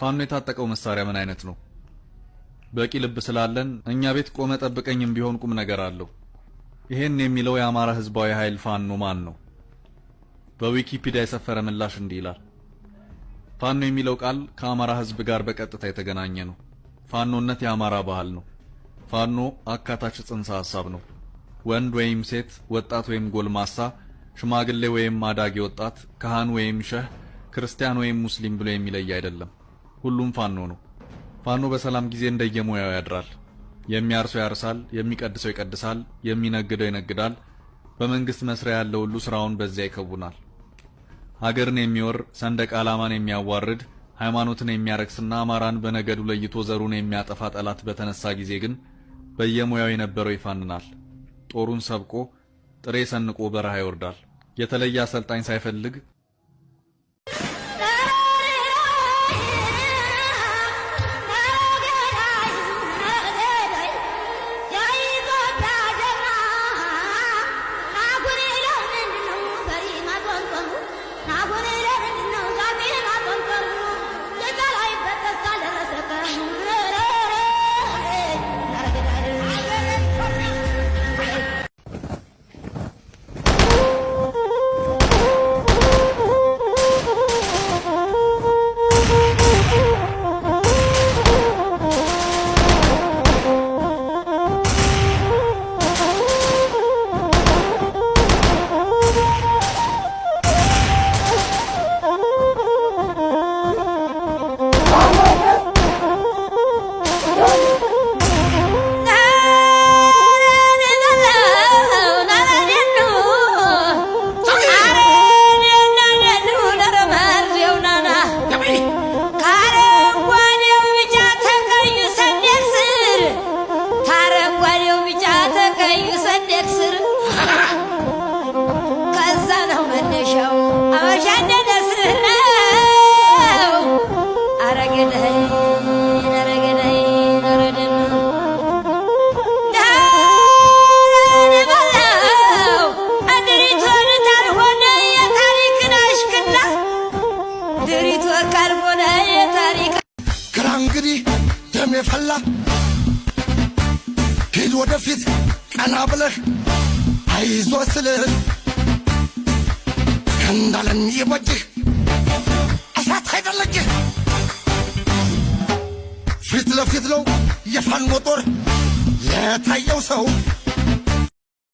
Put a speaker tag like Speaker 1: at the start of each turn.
Speaker 1: ፋኖ የታጠቀው መሳሪያ ምን አይነት ነው? በቂ ልብ ስላለን እኛ ቤት ቆመ ጠብቀኝም ቢሆን ቁም ነገር አለው። ይሄን የሚለው የአማራ ህዝባዊ ኃይል ፋኖ ማን ነው? በዊኪፒዲያ የሰፈረ ምላሽ እንዲህ ይላል። ፋኖ የሚለው ቃል ከአማራ ህዝብ ጋር በቀጥታ የተገናኘ ነው። ፋኖነት የአማራ ባህል ነው። ፋኖ አካታች ጽንሰ ሐሳብ ነው። ወንድ ወይም ሴት፣ ወጣት ወይም ጎልማሳ፣ ሽማግሌ ወይም አዳጊ ወጣት፣ ካህን ወይም ሸህ፣ ክርስቲያን ወይም ሙስሊም ብሎ የሚለይ አይደለም። ሁሉም ፋኖ ነው። ፋኖ በሰላም ጊዜ እንደየሙያው ያድራል። የሚያርሰው ያርሳል፣ የሚቀድሰው ይቀድሳል፣ የሚነግደው ይነግዳል። በመንግስት መስሪያ ያለ ሁሉ ስራውን በዚያ ይከውናል። ሀገርን የሚወር ሰንደቅ ዓላማን የሚያዋርድ ሃይማኖትን የሚያረክስና አማራን በነገዱ ለይቶ ዘሩን የሚያጠፋ ጠላት በተነሳ ጊዜ ግን በየሙያው የነበረው ይፋንናል። ጦሩን ሰብቆ ጥሬ ሰንቆ በረሃ ይወርዳል። የተለየ አሰልጣኝ ሳይፈልግ
Speaker 2: አበሻው አበሻ እንደነስነው አረገደይ ግራ እንግዲህ ደም የፈላ ሂድ ወደፊት ቀና ብለህ አይዞ ስልህ እንዳለን ይበጅህ እሳት አይደለጅህ ፊት ለፊት ነው የፋኖ ጦር የታየው ሰው